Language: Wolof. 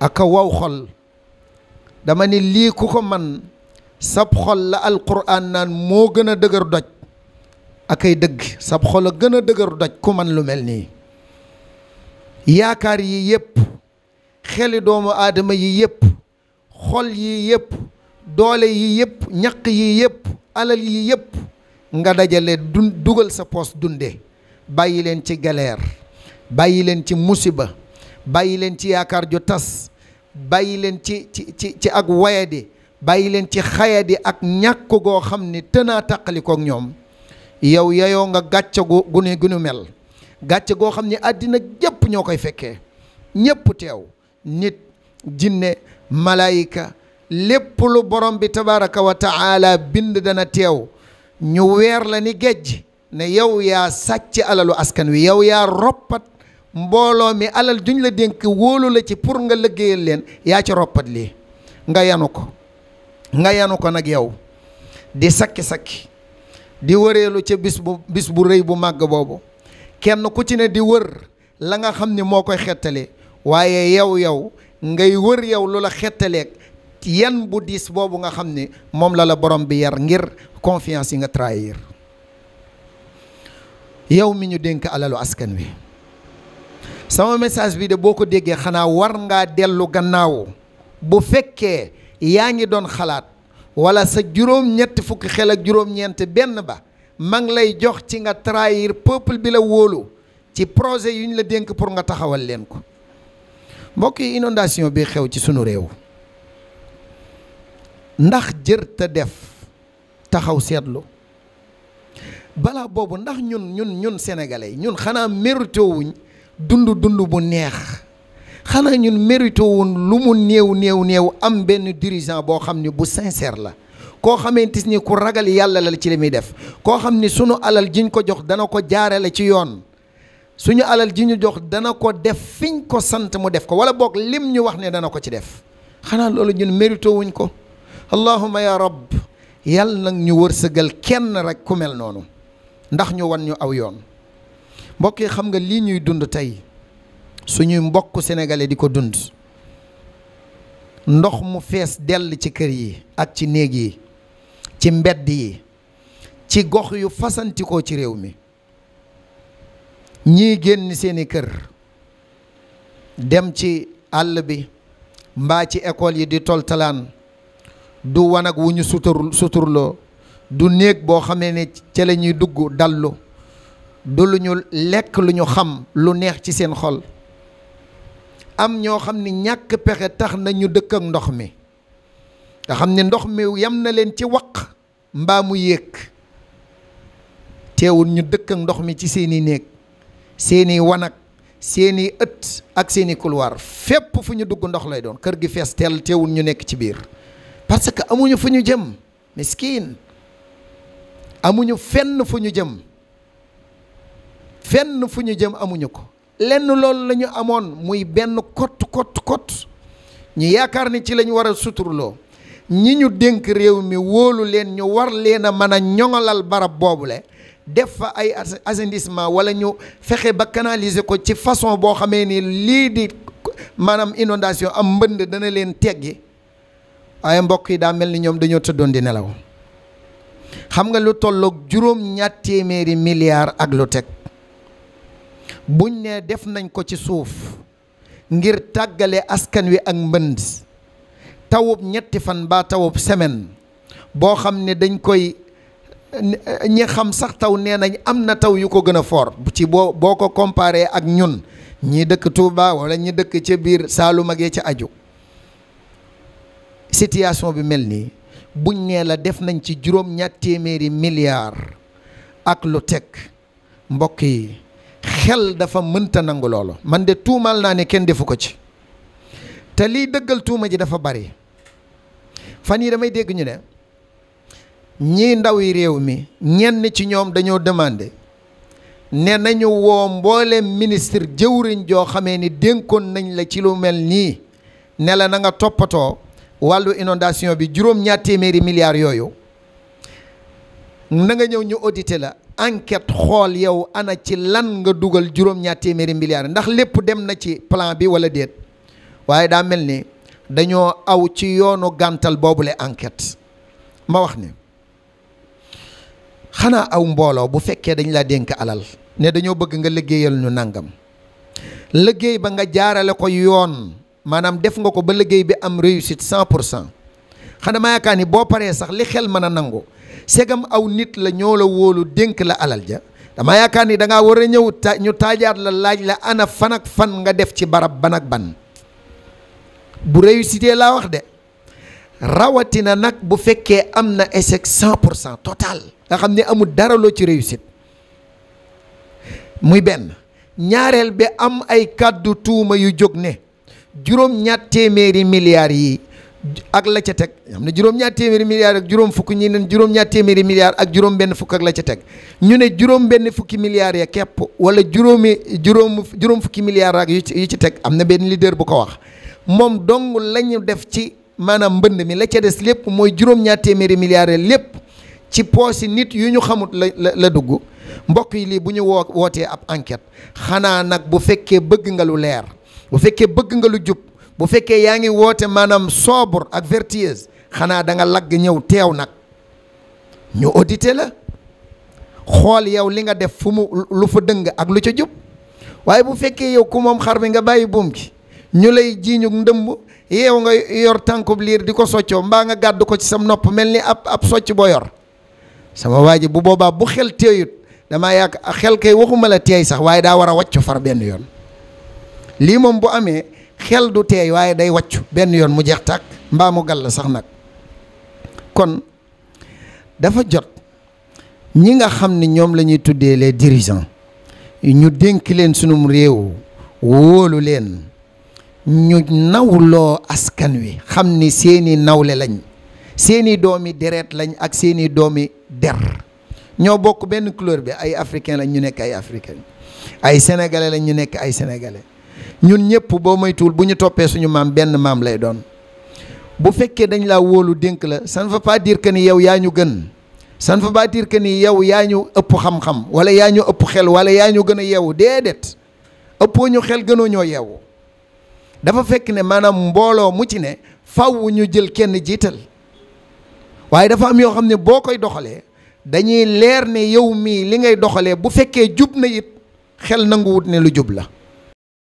aka waw xol dama ni lii ku ko man sab xol la alquran naan moo gën a dëgër doj ay dëgg sab xol a gën a dëgër doj ku man lu mel nii yaakaar yii yépp xeli doomu aadama yi yépp xol yi yépp doole yi yépp ñaq yi yépp alal yi yépp nga dajale dun dugal sa poos dunde bàyyi leen ci galeer bàyyi leen ci musiba bàyyi leen ci yaakaar ju tas bàyyi leen ci ci ci ci ak wayadi bàyyi leen ci xayadi ak ñàkk goo xam ni tënaa tàqalikook ñoom yow yayoo nga gàcce gu gune gunu mel gàcce goo xam ni àddina jëpp ñoo koy fekkee ñépp teew nit jinne malayka lépp lu borom bi tabaraka wa taala bind dana teew ñu weer la ni gejj ne yow yaa sàcc alalu askan wi yow yaa roppat mbooloo mi alal juñ la dénk wóolu la ci pour nga liggéeyal leen yaa ci roppat lii nga yanu ko nga yanu ko nag yow di sakki-sakki di wëreelu ca bis bu bis bu rëy bu màgg boobu kenn ku ci ne di wër la nga xam ni moo koy xettale waaye yow yow ngay wër yow lu la xettaleeg yan bu diis boobu nga xam ni moom la la borom bi yar ngir confiance yi nga trahir yow mi ñu dénk alalu askan wi sama message bi de boo ko déggee xanaa war ngaa dellu gannaaw bu fekkee yaa ngi doon xalaat wala sa juróom-ñett fukki xel ak juróom-ñeent benn ba ma lay jox ci nga trahir peuple bi la wóolu ci projet yu ñu la dénk pour nga taxawal leen ko mbokk yi inondation bi xew ci sunu réew ndax jër te def taxaw seetlu balaa boobu ndax ñun ñun ñun sénégalais ñun xanaa mérité dund dund bu neex xanaa ñun mérité woon lu mu néew néew néew am benn dirigeant boo xam ni bu sincère la koo xamante ni ku ragal yàlla la ci li muy def koo xam ni sunu alal jiñ ko jox dana ko jaarale ci yoon suñu alal ji ñu jox dana ko def fiñ ko sant mu def ko wala boog lim ñu wax ne dana ko ci def xanaa loolu ñun mérité wuñ ko allahuma ya rab yàlla nag ñu wër wërsëgal kenn rek ku mel noonu ndax ñu wan ñu aw yoon mbokk yi xam nga lii ñuy dund tey suñuy mbokk sénégalais di ko dund ndox mu fees dell ci kër yi ak ci néeg yi ci mbedd yi ci gox yu fasantikoo ci réew mi ñii génn seeni kër dem ci àll bi mbaa ci école yi di toltalaan du wanag wu ñu sutur suturloo du néeg boo xam ne ca la ñuy dugg dallu du lu ñu lekk lu ñu xam lu neex ci seen xol am ñoo xam ni ñàkk pexe tax na ñu dëkk ak ndox mi nga xam ne ndox mi yam na leen ci waq mbaamu mu yéeg teewul ñu dëkk ndox mi ci seeni néeg seeni wanag seeni ëtt ak seeni couloir fépp fu ñu dugg ndox lay doon kër gi fees teel teewul ñu nekk ci biir parce que amuñu fu ñu jëm miskin amuñu fenn fu ñu jëm fenn fu ñu jëm amuñu ko lenn loolu la ñu amoon muy benn kott kot kott ñu yaakaar ni ci lañu waral a suturloo ñi ñu dénk réew mi wóolu leen ñu war leen a mën a ñoŋalal barab boobule def fa ay assainissement wala ñu fexe ba canaliser ko ci façon boo xamee ni lii di maanaam inondation am mbënd dana leen teggi waaye mbokk yi daa mel ni ñoom dañoo tëddoon di nelaw xam nga lu tolloog juróom ñaat téeméeri milliards ak lu teg buñ ne def nañ ko ci suuf ngir tàggale askan wi ak mbënd tawub ñetti fan ba tawub semaine boo xam ne dañ koy ñi xam sax taw nee nañ am na taw yu ko gën a fort ci boo boo ko comparé ak ñun ñi dëkk Touba wala ñi dëkk ca biir Saalum ak ya ca aju situation bi mel nii buñ nee la def nañ ci juróom ñatt téeméeri ak lu teg mbokk yi xel dafa mënta nangu loolu man de tuumaal naa ne kenn defu ko ci te liy dëggal tuuma ji dafa bari fan yi damay dégg ñu ne ñii ndaw yi réew mi ñenn ci ñoom dañoo demandé ne nañu woo mbooleem ministre jëwriñ joo xamee ni dénkoon nañ la ci lu mel nii ne la na nga toppatoo wàllu inondation bi juróom ñaar téeméeri milliards yooyu na nga ñëw ñu audité la enquête xool yow ana ci lan nga dugal juróom-ñaar téeméeri milliards ndax lépp dem na ci plan bi wala déet waaye daa mel ni dañoo aw ci yoonu gàntal boobule enquête ma wax ni xanaa aw mbooloo bu fekkee dañ laa dénk alal ne dañoo bëgg nga liggéeyal ñu nangam liggéey ba nga jaarale ko yoon maanaam def nga ko ba liggéey bi am réussite cent pour cent xanaa ma yaakaar ni boo paree sax li xel mën a nangu segam aw nit la ñoo la wóolu dénk la alal ja dama yaakaar ni da ngaa war a ñëw taajaat la laaj la ana fan ak fan nga def ci barab ban ak ban bu réussité laa wax de rawatina nag bu fekkee am na échec cent pour cent total nga xam ne amul dara loo ci réussite muy benn ñaareel bi am ay kàddu tuuma yu jóg ne juróom ñatt téeméeri milliards yi ak la ca teg xam ne juróom-ñaar téeméeri milliards ak juróom fukk ñi ne juróom-ñaar téeméeri milliards ak juróom benn fukk ak la ca teg ñu ne juróom benn fukki milliards ya kepp wala juróomi juróom juróom fukki milliards ak yu ci yu ci teg am na benn leader bu ko wax moom dong lañu def ci maanaam mbënd mi la ca des lépp mooy juróom-ñaar téeméeri milliare lépp ci poosi nit yu ñu xamut la la la dugg mbokk yi lii bu ñu woo wootee ab enquête xanaa nag bu fekkee bëgg nga lu leer bu fekkee bëgg nga lu jub bu fekkee yaa ngi woote maanaam soobur ak vertueuse xanaa danga lagg ñëw teew nag ñu audité la xool yow li nga def fu mu lu fa dëng ak lu ca jub waaye bu fekkee yow ku moom xar bi nga bàyyi buum gi ñu lay jiiñu ndëmb yeew nga yor tànkub liir di ko soccoo mbaa nga gàddu ko ci sam nopp mel ni ab ab socc boo yor sama waa bu boobaa bu xel teeyut damaa yàgg xel kay waxuma la teey sax waaye daa war a wàcc far benn yoon lii moom bu amee xel du teey waaye day wàccu benn yoon mu jeex tàkk mbaa mu gàll sax nag kon dafa jot ñi nga xam ni ñoom lañuy ñuy tuddee les dirigeants ñu dénk leen sunum réew wóolu leen ñu nawloo askan wi xam ni seeni nawle lañ seeni doomi deret lañ ak seeni doomi der ñoo bokk benn couleur bi ay africain lañ ñu nekk ay africain ay sénégalais lañ ñu nekk ay sénégalais ñun ñëpp boo moytuwul bu ñu toppee suñu maam benn maam lay doon bu fekkee dañ laa wóolu dénk la ça ne veut pas que ni yow yaa ñu gën ça ne veut que ni yow yaa ñu ëpp xam-xam wala yaa ñu ëpp xel wala yaa ñu gën a yeewu déedéet ëppoo ñu xel gënoo ñoo yeewu dafa fekk ne maanaam mbooloo mu ci ne faw ñu jël kenn jiital waaye dafa am yoo xam ne boo koy doxalee dañuy leer ne yow mii li ngay doxalee bu fekkee jub na it xel nanguwut ne lu jub la